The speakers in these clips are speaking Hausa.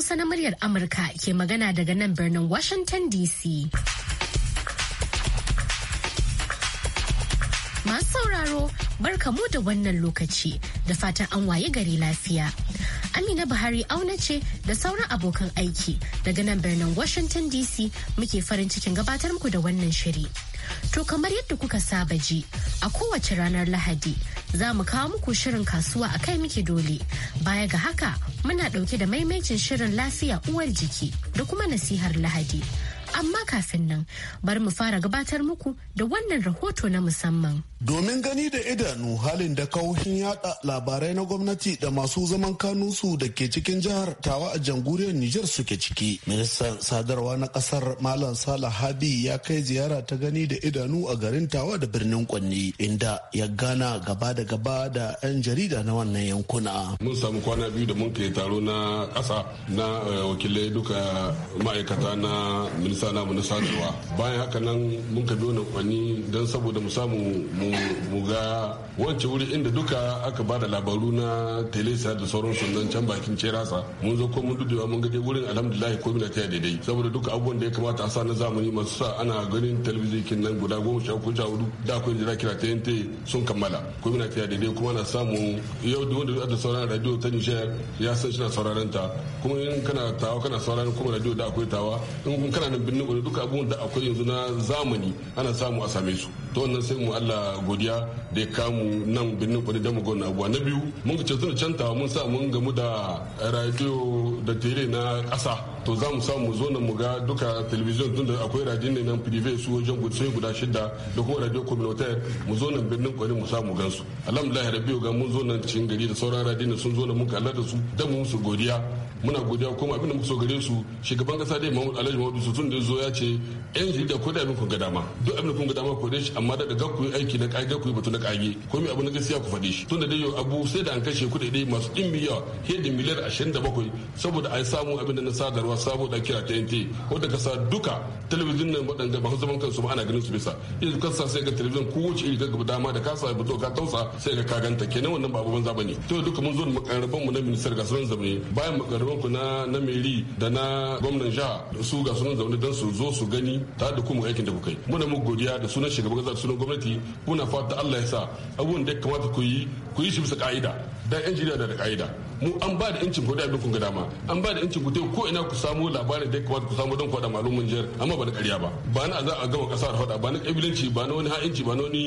Hausa na muryar Amurka ke magana daga nan birnin Washington DC. Masu sauraro, barka mu da wannan lokaci da fatan an waye gari lafiya. Amina Buhari auna ce da sauran abokan aiki daga nan birnin Washington DC muke farin cikin gabatar muku da wannan shiri. To kamar yadda kuka saba ji a kowace ranar Lahadi za mu kawo muku shirin kasuwa a kai muke dole. Baya ga haka muna ɗauke da maimaicin shirin lafiya uwar jiki da kuma nasihar Lahadi. amma kafin nan bari mu fara gabatar muku da wannan rahoto na musamman. Domin gani da idanu halin da kawoshin yada labarai na gwamnati da masu zaman kanunsu da ke cikin jihar Tawa a janguriyar Nijar suke ciki. Ministan sadarwa na kasar Malam Salah Habi ya kai ziyara ta gani da idanu a garin Tawa da birnin Kwanni inda ya gana gaba da gaba da 'yan jarida na wannan yankuna. Mun samu kwana biyu da mun kai taro na kasa na eh, wakilai duka ma'aikata na minista sa namu na sadarwa bayan haka nan mun ka biyo kwani don saboda mu samu mu ga wance wuri inda duka aka ba da labaru na telesa da sauran sunan can bakin cerasa mun zo ko mun dudewa mun gaje wurin alhamdulillah ko mina ta daidai saboda duka abubuwan da ya kamata a sa na zamani masu sa ana ganin talabijin nan guda goma sha ko sha hudu da akwai jira kira ta yante sun kammala ko mina ta daidai kuma na samu yau da wanda da sauran radio ta Niger ya san shi na sauraron ta kuma in kana tawa kana sauraron kuma radio da akwai tawa in kana nan birnin gwari duka abubuwan da akwai yanzu na zamani ana samu a same su to wannan sai mu Allah godiya da ya kamu nan birnin gwari da mugon abuwa na biyu mun ga cewa ta mun sa mun gamu da radio da tele na ƙasa to za mu samu zo na mu ga duka television tun da akwai radio ne nan prive su wajen gutsai guda shida da kuma radio communautaire mu zo nan birnin kwari mu samu gansu alhamdulillah rabbi ga mun zo nan cikin gari da sauran radio sun zo na mun kallar da su da mu musu godiya muna godiya kuma abin da muka so gare su shugaban kasa dai mahmud Alhaji Muhammad sun da zo ya ce yan jarida ko da abin kun ga dama duk abin kun ga dama ko shi amma da daga ku aiki na kage ku batu na kage ko mai abu na gaskiya ku faɗe shi tunda dai yau abu sai da an kashe dai masu din yawa hedin miliyar 27 saboda a samu abin da na sadarwa saboda kira ta yanti ko ka sa duka talabijin nan waɗanda ba zaman kansu ba ana ganin su bisa yanzu sa sai ga talabijin wuce iri daga dama da kasa ba to ka tausa sai ga kaganta kenan wannan ba abu banza to duka mun zo da makarraban mu na ministar gasar zamani bayan makarraban ku na na meri da na gwamnan jiha su ga sunan zaune don su zo su gani ta da kuma aikin da kuka yi muna mu godiya da sunan shugaban kasa da sunan gwamnati muna fata Allah ya sa abubuwan da ya kamata ku yi ku yi shi bisa ka'ida dan yan da ka'ida mu an ba da incin guda abin kun ga dama an ba da incin guda ko ina ku samu labarin da ya kamata ku samu don kwada malumin jihar amma ba na ƙarya ba ba na za a gama kasa da fada ba na ƙabilanci ba na wani ha'inci ba na wani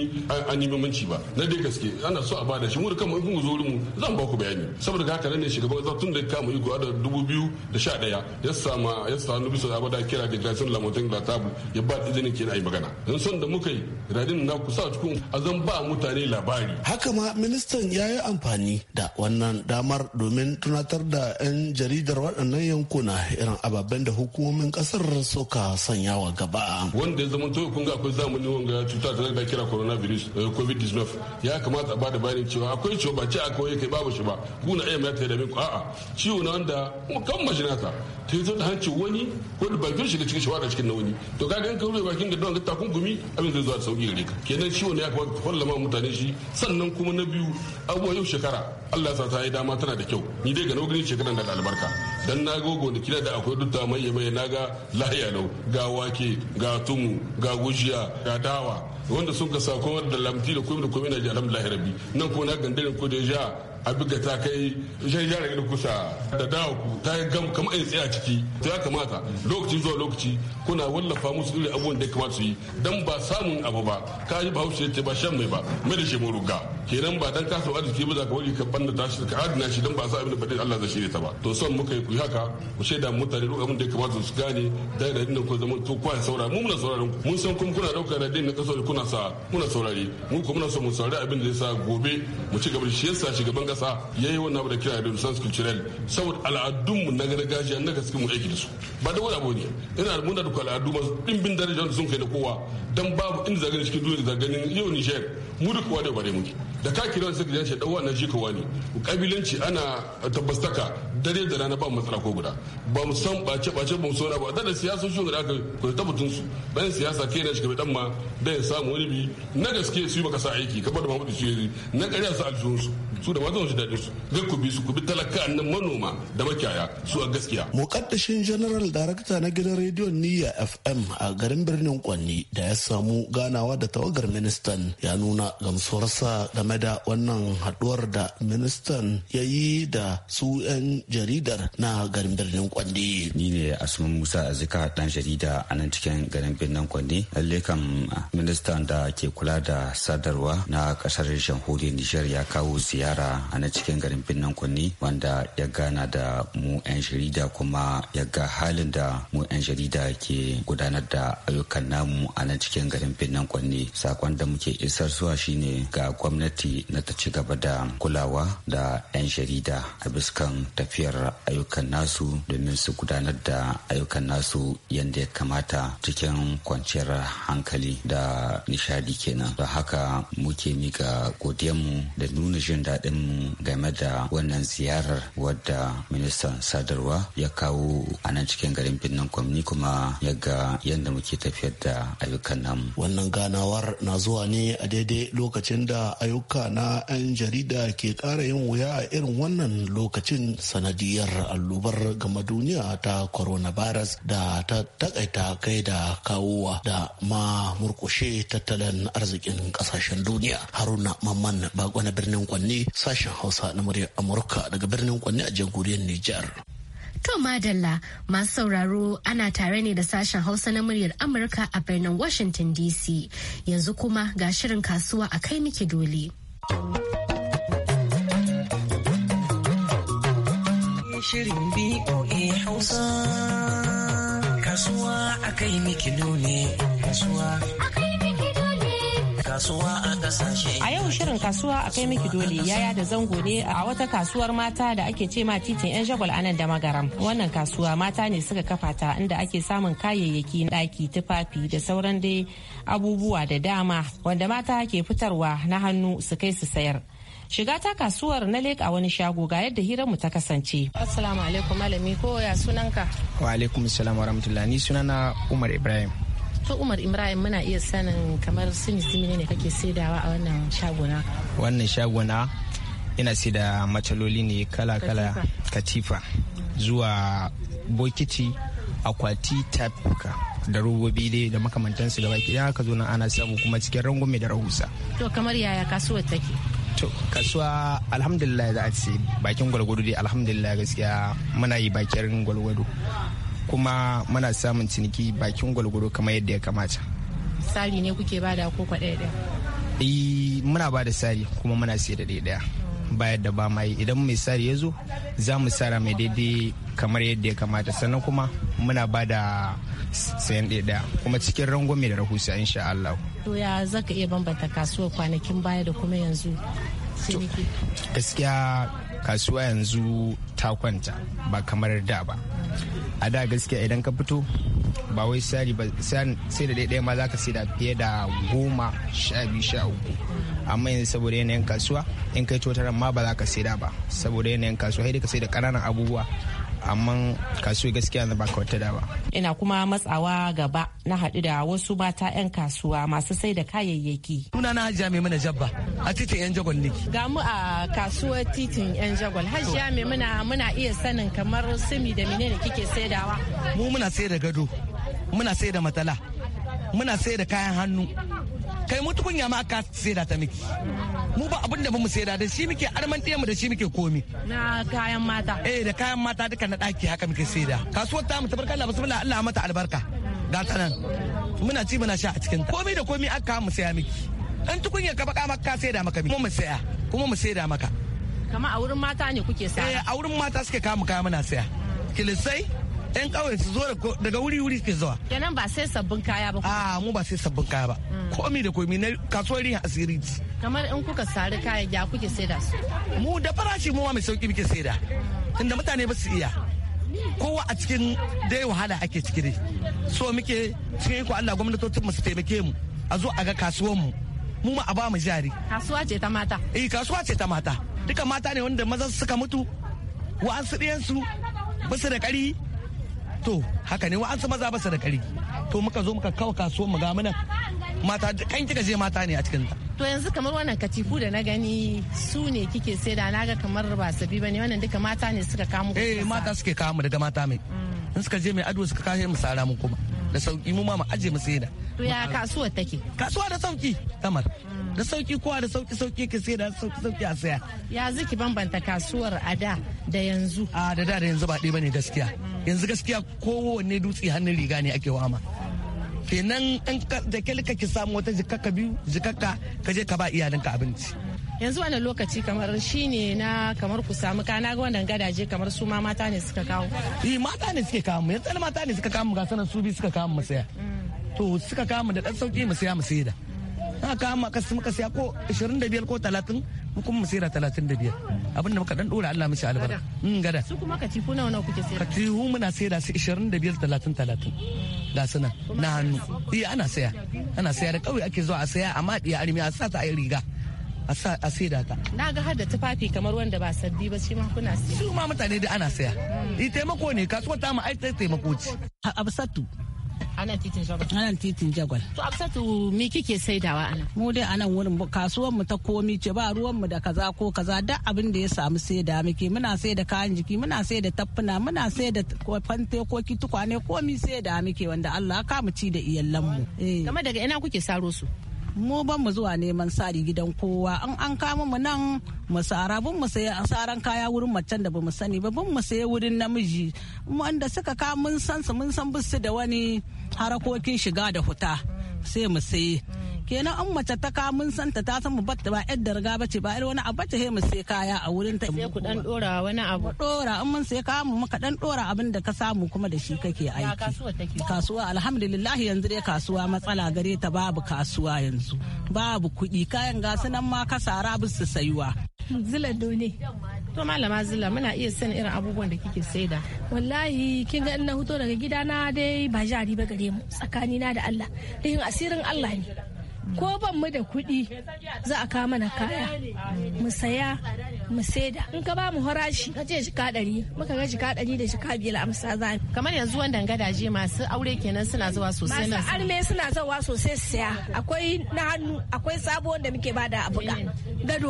animimanci ba na dai gaske ana so a ba da shi mu da kanmu in kun zo mu zan ba ku bayani saboda haka nan ne shugaban ƙasa tun da kama iko da dubu biyu da sha ɗaya ya sama ya samu bisa da abada kira da gasar lamotin da tabu ya ba da izinin ke a yi magana don son da muka yi radin na kusa cikin a zan ba mutane labari. haka ma ministan ya yi amfani da wannan damar domin tunatar da 'yan jaridar waɗannan yankuna irin ababen da hukumomin kasar suka sanya wa gaba. Wanda ya zama to kun ga akwai zamani wanga cuta ta da kira coronavirus eh, covid-19 ya kamata a bada bayanin cewa akwai ciwo ba ce a kawai kai babu shi ba kuna iya mai ta da minku a'a ciwo na wanda kan majinata ta yi da hanci wani ko da bakin shi da cikin shawara cikin na wani to kaga in ka bakin da don takunkumi abin zai zuwa da sauki gare ka kenan ciwo ne ya kamata ka fallama mutane shi sannan kuma na biyu abubuwa yau shekara Allah sa ta yi dama tana da kyau ni dai ga nogini shekaran da albarka dan na ga gonaki da akwai dutta mai mai na ga lahiya lau ga wake ga tumu ga gujiya ga dawa wanda sun ka sa da lamti da kuma da kuma na ji alhamdulillah rabbi nan ko na gandarin ko da ja abinda ta kai shan yara gida kusa da dawo ku ta yi gam kamar ai tsaya ciki ta ya kamata lokaci zuwa lokaci kuna wallafa musu irin abubuwan da ya kamata su yi dan ba samun abu ba ka yi bahaushe ce ba shan mai ba mai da shi ruga kenan ba dan kasa arziki ba za ka wani ka banda tashi ka adina shi dan ba sa abin da badin Allah zai shirya ta ba to son muka yi ku haka ku shaida mutane duk abin da ya kamata su gane da da nan ko zaman to kwa saura mu muna sauraron ku mun san kun kuna daukar da din na kasa kuna sa muna saurari mu kuma muna so mu saurari abin da ya sa gobe mu ci gaba shi yasa gaban kasa ya yi wannan abu da kira renaissance culturel saboda al'adunmu na gargajiya na gaske mu aiki da su ba da wani abu ne ina muna da al'adu masu ɗimbin dimbin darajar sun kai da kowa dan babu inda zagani cikin duniya da ganin yau Niger mu duk kowa da bare muke da ka kira wani sai ka ɗauwa na ji jika ne ƙabilanci ana tabbastaka dare da rana ba mu matsala ko guda ba mu san ɓace ɓace ba mu sauna ba da siyasa shi da aka ko ta mutun su bayan siyasa kai na shi bai dan ma da ya samu wani bi na gaske su yi maka sa aiki kamar da Muhammadu Shiri na ƙarya su aljihun su su da wajen shi daɗi su zai ku bi su ku bi talaka nan manoma da makiyaya su a gaskiya. Mukaddashin General Darakta na gidan rediyon Niyya FM a garin birnin Kwanni da ya samu ganawa da tawagar ministan ya nuna gamsuwarsa game da wannan haɗuwar da ministan ya yi da su 'yan jaridar na garin birnin Kwanni. Ni ne Asuman Musa Azika dan jarida a nan cikin garin birnin Kwanni. Lalle kam ministan da ke kula da sadarwa na ƙasar jamhuriyar Nijar ya kawo ziyara ziyara a na cikin garin birnin kunni wanda ya gana da mu 'yan jarida kuma ya ga halin da mu 'yan jarida ke gudanar da ayyukan namu a na cikin garin birnin kunni sakon da muke isar zuwa shine ga gwamnati na ta ci gaba da kulawa da 'yan jarida a biskan tafiyar ayyukan nasu domin su gudanar da ayyukan nasu yadda ya kamata cikin kwanciyar hankali da nishadi kenan da haka muke mika godiyanmu da nuna jin daɗi daɗin game da wannan ziyarar wadda ministan sadarwa ya kawo a nan cikin garin birnin kwamni kuma ya ga yadda muke tafiyar da ayyukan namu. Wannan ganawar na zuwa ne a daidai lokacin da ayyuka na 'yan jarida ke ƙara yin wuya a irin wannan lokacin sanadiyar allubar gama duniya ta coronavirus da ta takaita kai da kawowa da ma murkushe tattalin arzikin ƙasashen duniya. Haruna Mamman Bako na birnin Kwanne sashen Hausa na muryar Amurka daga birnin Kwanne a jamhuriyar Nijar. To Madalla masu sauraro ana tare ne da sashen Hausa na muryar Amurka a birnin Washington DC yanzu kuma ga shirin kasuwa a kai miki dole. kasuwa a kai miki dole kasuwa a kasashe. A yau shirin kasuwa a kai miki dole yaya da zango ne a wata kasuwar mata da ake ce ma titin 'yan shagwal anan da magaram. Wannan kasuwa mata ne suka kafa ta inda ake samun kayayyaki ɗaki tufafi da sauran dai abubuwa da dama wanda mata ke fitarwa na hannu su kai su sayar. shiga ta kasuwar na lek a wani shago ga yadda hirar mu ta kasance. Assalamu alaikum malami ko ya sunanka? Wa alaikum assalam wa rahmatullahi ni sunana Umar Ibrahim. to umar ibrahim muna iya sanin kamar sun yi ne kake saidawa a wannan shagona wannan shaguna ina sai da matsaloli ne kala-kala katifa zuwa bokiti akwati tafuka da robobi dai da makamantansu gaba ki haka zo nan ana samu kuma cikin rangume da rahusa to kamar yaya kasuwar take to kasuwa alhamdulillah za a ce bakin gwalgwado dai alhamdulillah gaskiya muna yi bakin gwalgwado kuma muna samun ciniki bakin gwalgwaro kamar yadda ya kamata sari ne kuke bada da koko ɗaya ɗaya eh, muna bada sari kuma muna sayar da ɗaya ɗaya bayar da ba mai idan mai sari ya zo za mu sara mai daidai kamar yadda ya kamata sannan kuma muna ba da sayan ɗaya kuma cikin rangwame da rahusa insha Allah. To za ka iya bambanta kasuwar kwanakin baya da kuma yanzu? Gaskiya kasuwa yanzu ta kwanta ba kamar da ba. a da gaskiya idan ka fito ba wai sari ba sai da ɗaya ma za ka sai da fiye da goma sha biyu sha uku amma yanzu saboda yanayin kasuwa in kai totaran ma ba za ka sai da ba saboda yanayin kasuwa sai ka sai da ƙananan abubuwa amma kasuwa gaskiya na baka wata dawa ina kuma matsawa gaba na haɗu da wasu mata 'yan kasuwa masu sai da kayayyaki suna na hajiya mai mana jabba a titin 'yan jagwal ne ga mu a kasuwar titin 'yan jagwal hajiya mai muna muna iya sanin kamar sumi da menene kike saidawa mu muna sai da gado muna sai da matsala muna sai da kayan hannu kai mu tukunya ma ka saida ta miki mu ba abin da mu saida da shi muke arman mu da shi muke komi na kayan mata eh da kayan mata duka na daki haka muke saida kasuwar ta mu tabarka Allah bismillah Allah mata albarka ga ta nan muna ci muna sha a cikin ta komi da komi aka mu saya miki an tukunya ka baka maka saida maka kuma mu saya kuma mu saida maka kama a wurin mata ne kuke saya eh a wurin mata suke mu kaya muna saya kilisai yan kawai su zo daga wuri wuri suke zuwa kenan ba sai sabbin kaya ba a ah, mu ba sai sabbin kaya ba komi da komi na kasuwar rihin asiri kamar in kuka sari kayan ya kuke saida su mu da farashi mu ma mai sauki muke saida tunda mutane ba su iya kowa a cikin dai wahala ake ciki ne so muke cikin ko Allah gwamnatocin su taimake mu a zo a ga kasuwar mu mu ma a ba mu jari kasuwa ce ta mata eh kasuwa ce ta mata duka mata ne wanda maza suka mutu wa'ansu ba su da kari to haka ne wa'ansu maza ba su da kari to muka zo muka kawo kasuwar mu ga muna mata kan kika je mata ne a cikin ta to yanzu kamar wannan katifu da na gani su ne kike sai da naga kamar ba sabi bane wannan duka mata ne suka kamu eh mata suke kamu daga mata mai mm. in suka je mai ado suka kashe mu sara mu kuma da sauki mu ma mu aje mu saida to ya kasuwa take kasuwa da sauki kamar mm. da sauki kowa da sauki sauki ke sai da sauki sauki a saya ya ziki bambanta kasuwar a da da yanzu a da da yanzu ba dai bane gaskiya mm. yanzu gaskiya kowanne dutse hannun riga ne ake wama kenan da kyalka ki samu wata jikakka biyu jikakka ka je ka ba iyalinka abinci yanzu wani lokaci kamar shi ne na kamar ku samu kana ga wannan gadaje kamar su ma mata ne suka kawo eh mata ne suke kawo yanzu mata ne suka kawo ga sanan su bi suka kawo mu saya mm. to suka kawo da dan sauki mu saya mu sayar da na kawo maka su muka saya ko 25 ko 30 mu kuma mu sera talatin da biyar abinda muka dan dora Allah mishi albarka in mm, gada su kuma katifu nawa nawa kuke sayar katifu muna sayar su ishirin da biyar talatin talatin ga suna na hannu iya eh, ana saya ana saya da kauye ake zuwa a saya a maɗi a arimi a sa ta a riga a saida ta. Na ga har da tufafi kamar wanda ba sabbi ba shi ma kuna siya. Su ma mutane da ana saya. I mm. eh, taimako ne kasuwa ta ma ai taimako ce. Absatu anan titin jagwal anan titin jagwal to absatu me kike saidawa anan mu dai anan wurin kasuwar mu ta komi ce ba ruwan mu da kaza ko kaza duk abin da ya samu sai da muke muna sai da kayan jiki muna sai da tafuna muna sai da fante ko tukwane komi da muke wanda Allah ka mu ci da iyallan mu eh. game daga ina kuke saro su mu ban mu zuwa neman sari gidan kowa an an kama mu nan mu sara bin mu sayi saran kaya wurin macen da bamu sani ba bin mu sai wurin namiji wanda suka ka mun san su mun san bisu da wani harakokin shiga da huta sai mu sayi kenan an mace ta ka mun santa ta san mu ba yar darga ba ce ba yar wani abu ta mu sai kaya a wurin ta sai ku dan dora wani abu dora in mun sai kaya mu muka dan dora abin da ka samu kuma da shi kake aiki kasuwa take kasuwa alhamdulillah yanzu dai kasuwa matsala gare ta babu kasuwa yanzu babu kuɗi kayan gasu nan ma ka sara su sayuwa zila done to malama zila muna iya san irin abubuwan da kike saida wallahi kin ga ina hoto daga gidana dai ba jari ba gare mu tsakanina da Allah dai asirin Allah ne ko ban mu da kuɗi za a kama mana kaya mu saya mu saida in ka ba mu harashi. ka ce shika ɗari muka ga shika ɗari da shika biyar amsa za kamar yanzu wannan gadaje masu aure kenan suna zuwa sosai masu arme suna zuwa sosai saya akwai na hannu akwai sabo wanda muke bada a buga gado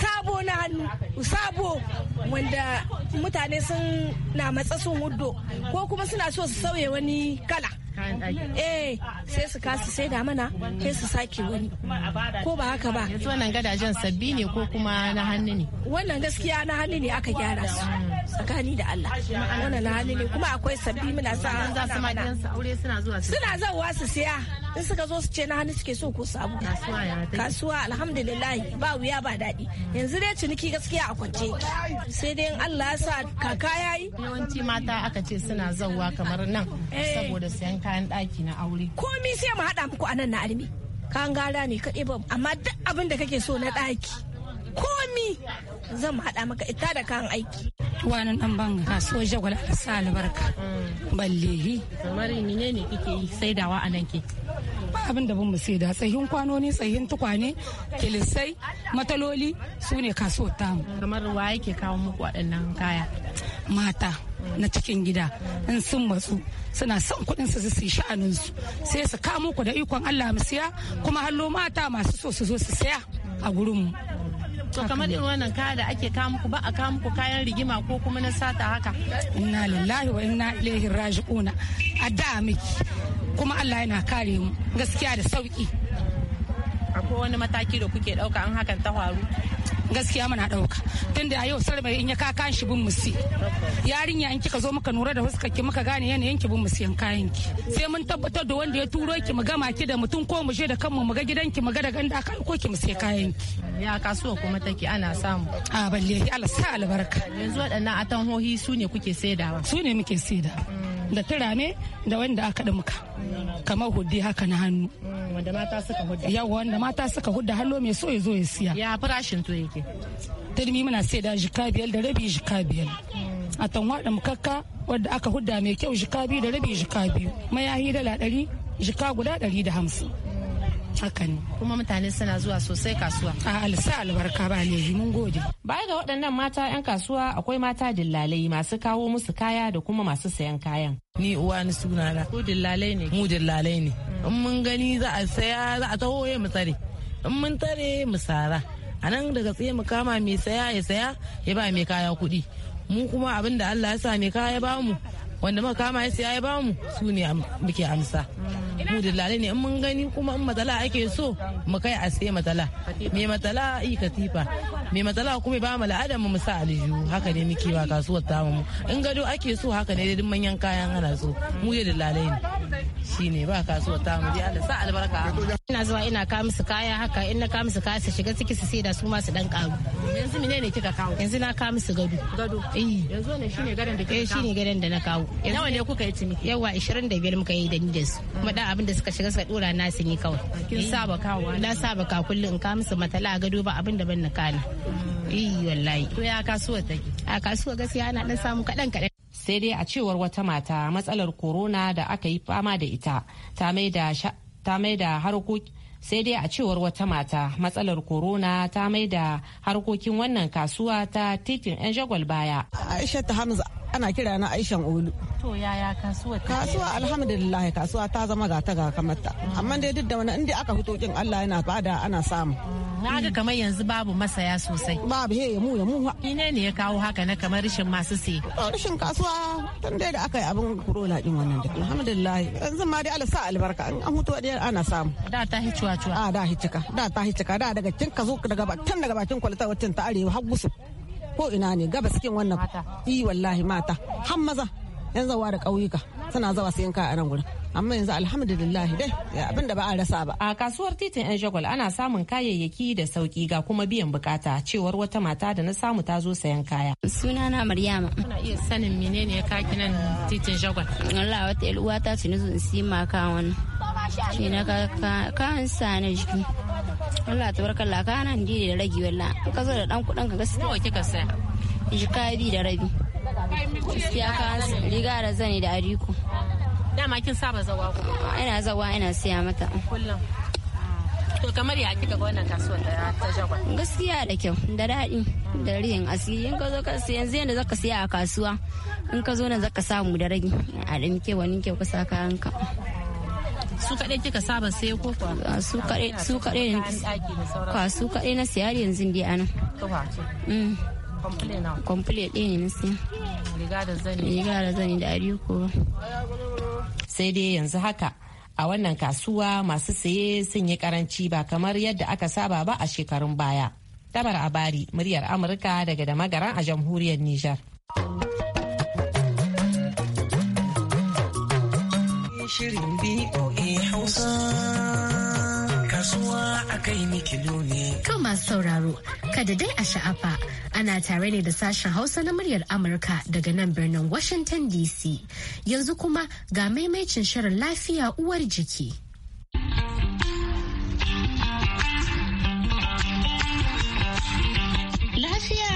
sabo na hannu sabo wanda mutane sun na matsa sun hudo ko kuma suna so su sauya wani kala kayan ɗaki eh sai su kasa sai da mana sai su sake wani ko ba haka ba yanzu wannan gadajen sabbi ne ko kuma na hannu ne wannan gaskiya na hannu ne aka gyara su hmm. tsakani da Allah wannan hali ne kuma akwai sabbi muna sa za su aure suna zuwa suna zawa su siya in suka zo su ce na hannu suke so ko sabu kasuwa alhamdulillah ba wuya ba daɗi yanzu dai ciniki gaskiya a kwance sai dai in Allah ya sa kaka yayi yawanci mata aka ce suna zawa kamar nan eh. saboda sayan kayan ɗaki na aure komi sai mu haɗa muku a nan na almi kan gara ne kadai ba amma duk abin da kake so na ɗaki komi zan haɗa maka ita da kan aiki wani dan banga kasuwar jagwal sa albarka mm. ballehi kamar ne ne kike yi saidawa a nan ke ba abin da bin mu saida tsayin kwanoni tsayin tukwane kilisai mataloli su ne kasuwar tamu kamar wa yake kawo muku waɗannan kaya mata na cikin gida in sun matsu suna son kudin su su sha'anin su sai su kamo ku da ikon Allah mu siya kuma hallo mata masu so su zo su siya a gurin mu to kamar irin wannan kaya da ake kawo muku ba a kawo muku kayan rigima ko kuma na sata haka inna lillahi wa inna ilaihi raji'un a da miki kuma Allah yana kare mu gaskiya da sauki akwai wani mataki da kuke dauka an hakan ta faru gaskiya muna dauka tunda a yau sarbe in ya kaka shi bin musi yarinya in kika zo muka nura da huskar ki muka gane yanayin ki bin yan kayan ki sai mun tabbatar da wanda ya turo ki mu gama ki da mutum ko mu je da kanmu mu ga gidan ki mu ga da ganda ko ki mu sai kayan ki ya kasuwa kuma take ana samu a balle Allah sa albarka yanzu waɗannan atanhohi su ne kuke saidawa su ne muke saida da turame da wanda aka muka kamar hudi haka na hannu mm, wanda mata suka hudda yawa wanda mata suka hudda hannu mai so ya zo ya siya ya farashin to yake turmi muna saida jika biyar da rabi jika biyar mm. a tanwa da mukakka wadda aka hudda mai kyau jika biyu da rabi jika biyu mayahi dala ɗari jika guda ɗari da hamsin haka ne kuma mutane suna zuwa sosai kasuwa a alsa albarka ba ne mun gode baya ga waɗannan mata 'yan kasuwa akwai mata dillalai masu kawo musu kaya da kuma masu sayan kayan ni uwa ni suna na ku dillalai ne mu dillalai ne mm. in mun gani za a saya za a taho mu tsare in mun tare mu sara a nan daga tsaye mu kama mai saya ya saya ya ba mai kaya kuɗi mu kuma abin da Allah ya sa mai kaya ba mu wanda muka kama ya saya ya ba mu su ne muke amsa mm. mu ne in mun gani kuma in matsala ake so mu kai a sai matsala me matsala i katifa mai matsala kuma ba mu al'adar mu sa aliyu haka ne muke ba kasuwar ta mu in gado ake so haka ne duk manyan kayan ana so mu da lalai ne shine ba kasuwar ta mu dai Allah sa albarka ina zuwa ina ka musu kaya haka in na ka musu kaya su shiga ciki su saida su ma su dan karu yanzu mene ne kika kawo yanzu na ka musu gado gado eh yanzu ne shine gadon da kike eh, shine gadan da na kawo nawa ne kuka yi ciniki yawa 25 muka yi da ni da su kuma da abin da suka shiga suka dora na su ne kawai kin saba kawo na saba ka kullun in ka musu matala gado ba abin da ban na kana gaskiya ana dan samu kaɗan kaɗan. Sai dai a cewar wata mata matsalar korona da aka yi fama da ita ta mai da harkoki sai dai a cewar wata mata matsalar corona ta mai da harkokin wannan kasuwa ta titin 'yan shagwal baya. Aisha ta Hamza ana kira na Aishan Olu. To yaya kasuwa ta Kasuwa alhamdulillah kasuwa ta zama ga ta ga kamata. Amma dai duk da wani inda aka fito kin Allah yana bada ana samu. Na ga kamar yanzu babu masaya sosai. Babu he mu ya mu. ne ne ya kawo haka na kamar rishin masu sai. Rashin kasuwa tun dai da aka yi abin kurola din wannan duk. Alhamdulillah yanzu ma dai Allah sa albarka an hutu dai ana samu. Da ta hicuwa cuwa. A da hicika da ta hicika da daga kin kazo daga tun daga bakin kwalita wacin ta arewa har gusu. Ko ina ne gaba cikin wannan. Yi wallahi mata. Har maza. yan zawa da ƙauyuka suna zawa sayan kaya a nan gurin amma yanzu alhamdulillah dai abin da ba a rasa ba a kasuwar titin yan jagwal ana samun kayayyaki da sauki ga kuma biyan bukata cewar wata mata da na samu ta zo sayan kaya suna na maryama kuna iya sanin menene ya kaki nan titin jagwal Allah wata yar uwa ta ce na si ma wani shi na ka kan sa na jiki Allah tabarakallah kana ndi da rage wallah ka zo da dan kudin ka gaskiya nawa kika saya jika bi da rabi Gaskiya ka riga da zani da ariko. Dama kin saba zawa ko? Ina zawa ina siya mata. Kullum. Ah. To kamar ya kika ga wannan kasuwar da ta jagwa? Gaskiya da kyau, da daɗi, da rihin asiri. In ka zo ka siya yanzu yanda zaka siya a kasuwa, in ka zo nan zaka samu da ragi. A da muke wani kyau ka kayan ka. su kaɗai kika saba sai ko kuwa ah, su kaɗai su kaɗai ne su kaɗai na siyari yanzu dai anan Kwamfule ɗaya ne na Riga da zani? da ariko. Sai dai yanzu haka a wannan kasuwa masu saye sun yi karanci ba kamar yadda aka saba ba a shekarun baya. Tamar Abari, muryar Amurka daga da magaran a jamhuriyar Nijar. Shirin BOA Hausa. kasuwa a kai ni kilo ne. Kan masu sauraro, kada dai a sha'afa ana tare ne da sashen Hausa na muryar Amurka daga nan birnin Washington DC. Yanzu kuma ga maimacin shirin lafiya uwar jiki. Lafiya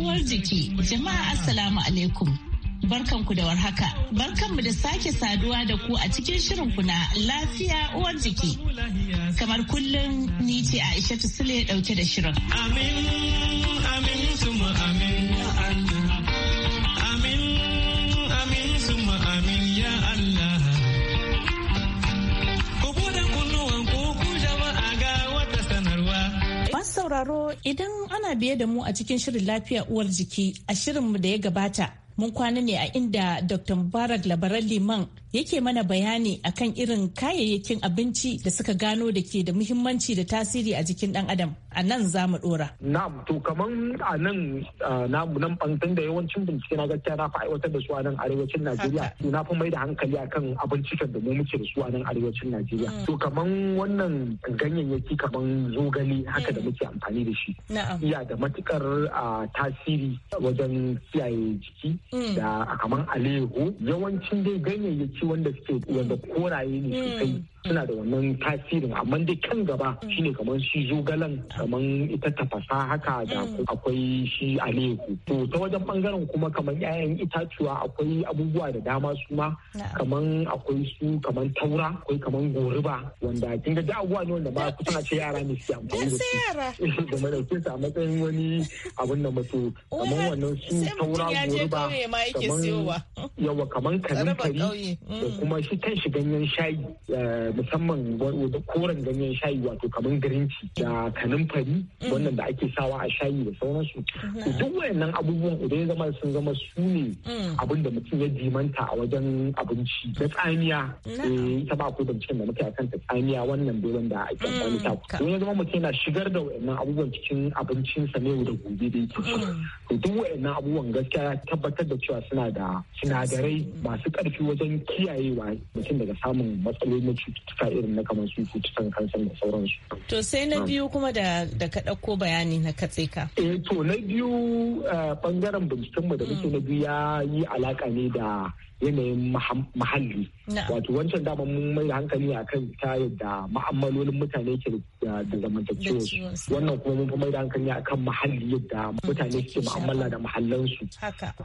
uwar jiki, jama'a Assalamu alaikum. barkanku da warhaka. Barkanmu da sake saduwa da ku a cikin shirin ku na lafiya uwar jiki. Kamar kullum ni ce Aisha Sule dauke da shirin. Amin, amin, suma amin. sauraro idan ana biye da mu a cikin shirin lafiya uwar jiki a shirinmu da ya gabata mun kwana ne a inda dr mubarak labaran liman yake mana bayani akan irin kayayyakin abinci da suka gano da ke da muhimmanci da tasiri a jikin dan adam a nan za mu dora. Na'am to kaman a nan namu nan bantan da yawancin bincike na gaskiya na fi aiwatar da su a nan arewacin Najeriya to na fi mai da hankali akan abincikan da mu muke da su a nan arewacin Najeriya. Mm. To kaman wannan ganyayyaki kaman zogale haka da mm. muke amfani da shi. Iya da matukar tasiri wajen kiyaye jiki mm. da kaman alehu yawancin dai ganyayyaki wanda suke wanda koraye ne sosai suna da wannan tasirin amma dai kan gaba shine kamar shi zogalan kamar ita tafasa haka da mm. akwai shi alehu to ta wajen bangaren kuma kamar 'ya'yan itatuwa akwai abubuwa da dama su ma kamar akwai su kamar taura akwai kamar goriba wanda kin ga abubuwa ne wanda ba kusa ce yara ne su amfani da su da madaukin sa matsayin wani abun da mutu kamar wannan su taura goriba kamar yawa kamar kanin kari da kuma shi kan shi ganyen shayi eh, musamman koren ganyen shayi wato kamar girinci da fari mm. wannan da ake sawa a shayi da sauransu mm-hmm. duk wayannan abubuwan idan ya zama sun zama su ne mm. abin da mutum ya jimanta a wajen abinci na tsamiya eh, ita ba ko binciken da muke a ta tsamiya wannan doron mm, da ake amfani ta don ya zama mutum yana shigar da wayannan abubuwan cikin abincinsa ne da gobe da yake to duk wayannan abubuwan gaskiya tabbatar da cewa suna da sinadarai masu karfi wajen kiyayewa mutum daga samun matsaloli cututtuka cututtuka irin na kamar su cutukan kansan da sauransu. To sai na ah. biyu kuma da ka ɗauko bayani na katse ka. Eh to na biyu bangaren eh, bincikenmu da muke na biyu ya yi alaƙa ne da yanayin muhalli wato wancan dama mun mai da hankali a kan ta yadda ma'amalolin mutane ke da zamantakewa wannan kuma mun mai da hankali a kan muhalli yadda mm, mutane ke ma'amala da muhallansu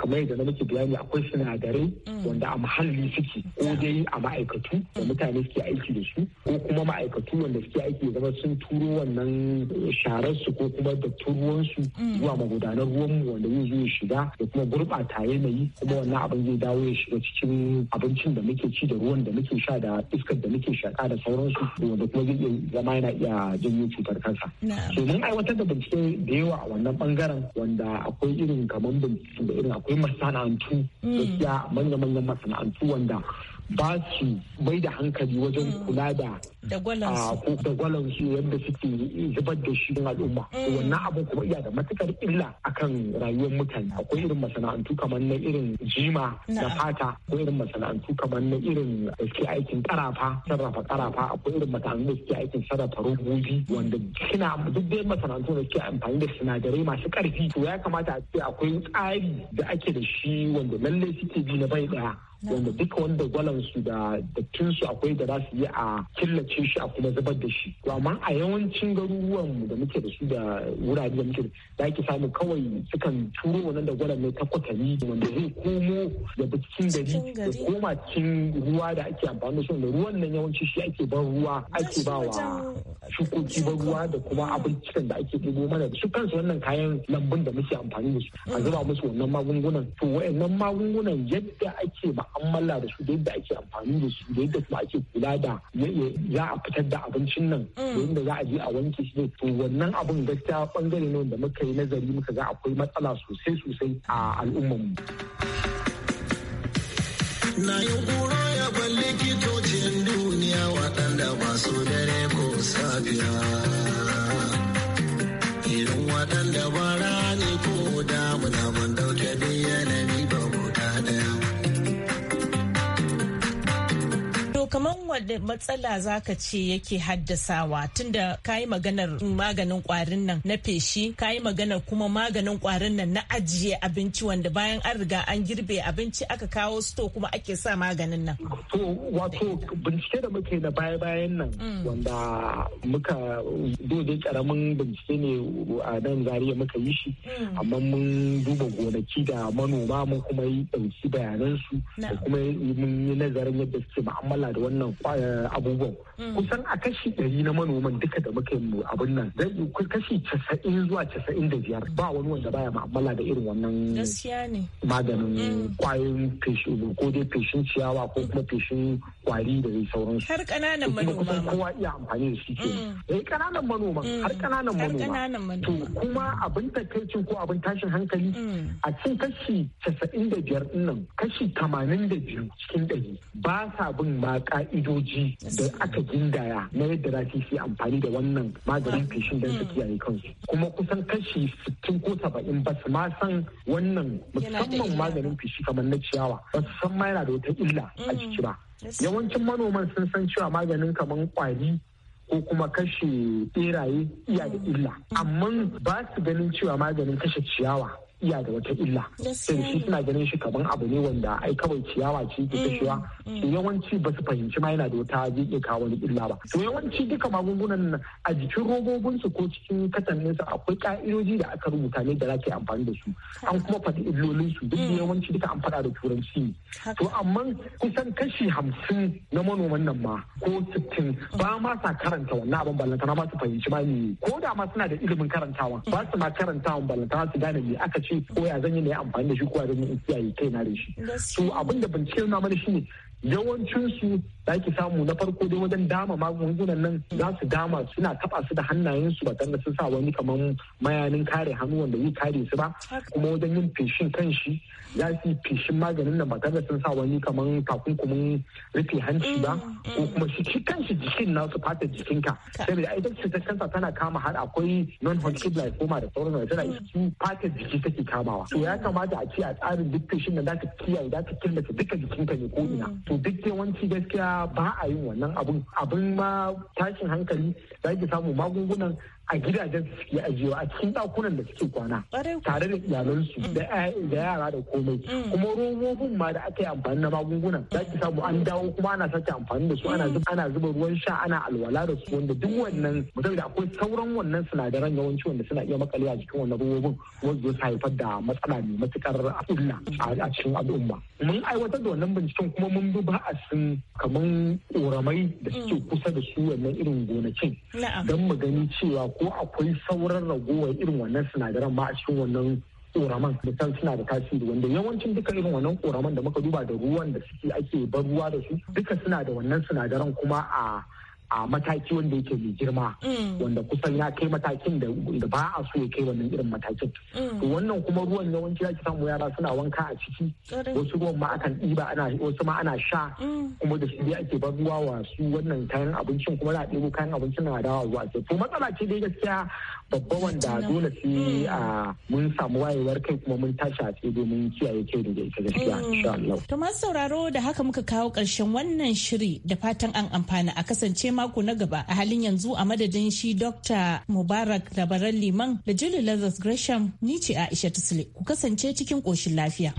kamar yadda na muke bayani akwai sinadarai mm. wanda a muhalli suke ko dai a ma'aikatu da mm. mutane suke aiki da su ko kuma ma'aikatu wanda suke aiki da zama sun turo wannan shararsu ko kuma da ruwansu zuwa magudanar ruwanmu wanda zai zo ya shiga da kuma gurɓata yanayi kuma wannan abin zai dawo ya shiga cikin abincin da muke ci da ruwan da muke sha da iskar da muke shaka da sauransu wanda kuma zai iya zama yana iya janyo cutar kansa. So mun aiwatar da bincike da yawa a wannan bangaren wanda akwai irin kamar bincike da irin akwai masana'antu mm. gaskiya manya-manyan masana'antu wanda ba su mai da hankali wajen kula da da gwalan ah, su yadda suke zubar da shi al'umma mm. wannan abu kuma iya da matukar illa akan rayuwar mutane akwai irin masana'antu kamar na irin jima na fata akwai irin masana'antu kamar na irin da suke aikin karafa sarrafa karafa akwai irin masana'antu da suke aikin sarrafa robobi wanda suna duk dai masana'antu da suke amfani da sinadarai masu karfi to ya kamata a ce akwai tsari da ake da shi wanda lallai suke bi na bai daya wanda duka wanda gwalan su da dattin su akwai da za su yi a killace shi a kuma zubar da shi to amma a yawancin garuruwan da muke da su da wurare da muke da ki samu kawai sukan turo wannan da gwalan ne ta kwatami wanda zai komo da cikin gari da koma cikin ruwa da ake amfani da su wanda ruwan nan yawanci shi ake ban ruwa ake ba wa shukoki ban ruwa da kuma abincin da ake dubo mana su kansu wannan kayan lambun da muke amfani da su a mm. zuba musu wannan magungunan to wa'annan magungunan yadda ake ba malla da su da yadda ake amfani da su da yadda kuma ake kula da za a fitar da abincin nan da mm. za a je a wanke shi to wannan abun gaskiya bangare ne wanda muka yi nazari muka ga akwai matsala sosai sosai a al'ummar mu. Na yi kura ya balle kitocin duniya waɗanda su dare ko safiya. Irin waɗanda bara ne ko damuna kaman kamar wadda matsala zaka ce yake haddasawa tunda kayi maganar maganin kwarin nan na feshi kayi maganar kuma maganin kwarin nan na ajiye abinci wanda bayan an riga an girbe abinci aka kawo sto kuma ake sa maganin nan. To wato bincike da muke na baya-bayan nan mm. wanda muka dole karamin bincike ne a nan zariya muka yi shi mm. amma mun duba gonaki da manoma mun kuma yi ɗauki bayanansu da kuma mun yi nazarin yadda suke mu'amala da wannan abubuwan hmm. kusan a kashi ɗari na manoman duka da muka yi abin nan zai kashi casa'in zuwa casa'in da biyar ba wani wanda baya ma'amala da irin wannan maganin hmm. kwayoyin feshi ko dai feshin ciyawa ko kuma feshin kwari da dai sauransu. Har ƙananan manoma. Kuma kowa iya amfani da shi ke. Mm. Eh ƙananan manoma mm. har ƙananan manoma. To kuma abin takaicin ko abin tashin hankali mm. a cikin kashi casa'in da biyar nan kashi tamanin da biyu cikin ɗari ba sa bin ma ka'idoji da aka gindaya na yadda za su yi amfani da wannan maganin feshin don su kiyaye kansu. Kuma kusan kashi sittin ko saba'in ba su ma san wannan musamman maganin feshi kamar na ciyawa ba su san ma yana da wata illa a jiki ba. yawancin manoman sun san cewa maganin kamar kwari ko kuma kashe beraye iya da mm. illa amma ba su ganin cewa maganin kashe ciyawa iya da wata illa sai eh, shi suna ganin shi kaman abu ne wanda ai kawai ciyawa ce ke mm, kashewa mm. yawanci ba su fahimci ma yana da wata zai iya kawo wani illa ba to yawanci duka magungunan a jikin rogogunsu ko cikin katanninsu akwai ka'idoji da aka rubuta ne da za amfani da su an kuma faɗi illolin su duk mm. yawanci duka an faɗa da turanci to amma kusan kashi hamsin na manoman nan ma ko sittin ba ma sa karanta wannan abin ballantana ba su fahimci ma ne ko da ma suna da ilimin karantawa ba su ma karantawa ballantana su gane me aka ce ko ya zan yi amfani da shi ko ya zanyi yi in kiyaye kaina da shi. to abin da bincike nuna mana shine yawancin su za ki samu na farko dai wajen dama magungunan nan za su dama suna taba su da hannayen su ba tare da sun sa wani kamar mayanin kare hannu wanda ya kare su ba kuma wajen yin feshin kan shi za su feshin maganin nan ba tare da sun sa wani kamar takunkumin rufe hanci ba mm, mm. ko kuma shi kanshi jikin nasu fatar jikinka da idan cutar kansa tana kama har akwai non hodgkin lymphoma da wani tana mm. su fatar jiki take kamawa to ya kamata a ce a tsarin duk feshin da za ka kiyaye za ka killace duka jikinka ne ko ina to duk yawanci gaskiya ba a yin wannan abun abun ma tashin hankali za ki samu magungunan a gidajen su suke ajiyewa a cikin dakunan da suke kwana tare da iyalansu mm. da yara da komai mm. kuma robobin ma da aka yi amfani na magungunan za ki samu an dawo kuma ana sake amfani da su ana mm. zuba ruwan sha ana alwala da su wanda duk wannan mutum da akwai sauran wannan sinadaran yawanci wanda suna iya makale a jikin wannan robobin wanda zai haifar da matsala mai matukar illa a cikin al'umma mun aiwatar da wannan binciken kuma mun bi ba'asin kaman koramai da suke kusa da su wannan irin gonakin don mu gani cewa kuma akwai sauran ragowar irin wannan sinadaran ma a cikin wannan ƙoraman da san suna da tasiri wanda yawancin duka irin wannan koraman da muka duba da ruwan da suke ake bar ruwa da su duka suna da wannan sinadaran kuma a a mataki wanda yake mai girma mm. wanda kusan ya kai matakin da ba a so ya kai wannan irin matakin mm. to wannan kuma ruwan yawanci ya samu yara suna wanka a ciki wasu ruwan ma akan ɗiba ana wasu ma ana sha mm. kuma da shi ake bar ruwa wa su wannan kayan abincin kuma za a ɗebo kayan abincin na dawa zuwa ce to matsala ce dai gaskiya babba wanda dole sai a mun samu wayewar kai kuma mun tashi a tsaye domin kiyaye kai da ita gaskiya insha Allah to masu sauraro da haka muka kawo ƙarshen wannan shiri da fatan an amfana a kasance mako na gaba a halin yanzu a madadin shi Dr. Mubarak Labaran Liman da Julie Lazarus Gresham ni ce Aisha Tusle ku kasance cikin koshin lafiya.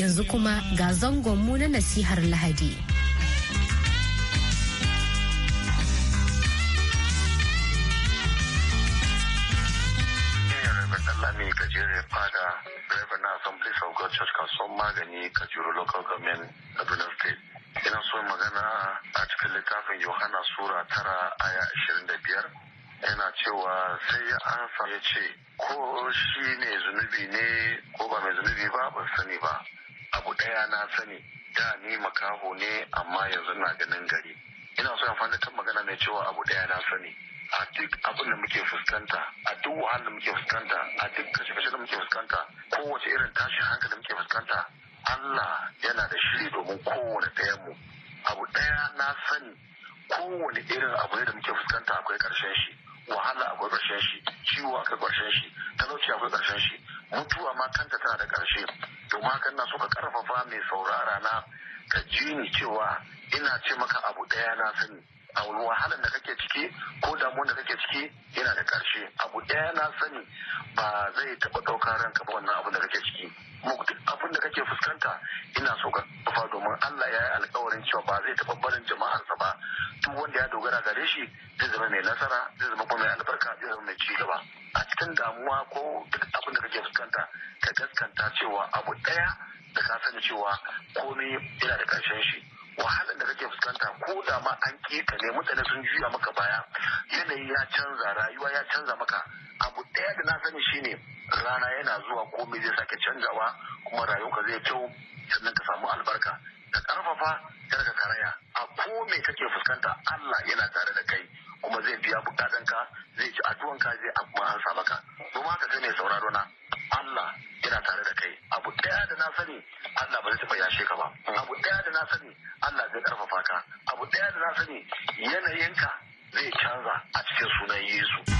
Yanzu kuma ga zangonmu na nasihar Lahadi. gajeren fada direba na Assembly of God Church son magani Kajuru Local Government Kaduna State. Ina so magana a cikin littafin Yohana Sura tara aya ashirin da biyar. Yana cewa sai ya ansa ya ce ko shi ne zunubi ne ko ba mai zunubi ba ban sani ba. Abu ɗaya na sani da ni makaho ne amma yanzu na ganin gari. Ina so amfani kan magana mai cewa abu ɗaya na sani. a duk abin da muke fuskanta a duk wahalar da muke fuskanta a duk kashe-kashe da muke fuskanta kowace irin tashin hankali da muke fuskanta Allah yana da shiri domin kowane ɗaya mu abu ɗaya na sani kowane irin abu da muke fuskanta akwai ƙarshen shi wahala akwai ƙarshen shi ciwo akwai ƙarshen shi talauci akwai ƙarshen shi mutuwa ma kanta tana da ƙarshe domin hakan na so ka karfafa mai saurara na ka ji ni cewa ina ce maka abu ɗaya na sani a wahalar da kake ciki ko damuwar da kake ciki yana da karshe abu ɗaya na sani ba zai taɓa ɗaukar ranka ba wannan abin da kake ciki kuma abin da kake fuskanta ina so ka tufa domin Allah ya yi alkawarin cewa ba zai taɓa barin jama'arsa ba duk wanda ya dogara gare shi zai zama mai nasara zai zama kuma mai albarka zai zama mai ci gaba a cikin damuwa ko duk abin da kake fuskanta ka gaskanta cewa abu ɗaya da ka sani cewa komai yana da ƙarshen shi wahalar da kake fuskanta ko da ma an keta ne mutane sun juya maka baya yanayi ya canza rayuwa ya canza maka abu ɗaya da na sani shine rana yana zuwa ko me zai sake canzawa kuma rayuwarka zai kyau sannan ka samu albarka ka karfafa kar ka karaya a ko me kake fuskanta Allah yana tare da kai kuma zai biya bukatanka zai ci ka zai abu ma maka kuma ka sai ne sauraro na Allah yana tare da kai abu ɗaya da na sani Allah ba zai taɓa yashe ka ba abu ɗaya da na sani Allah zai ƙarfafa ka abu ɗaya da na sani yanayinka zai canza a cikin sunan Yesu.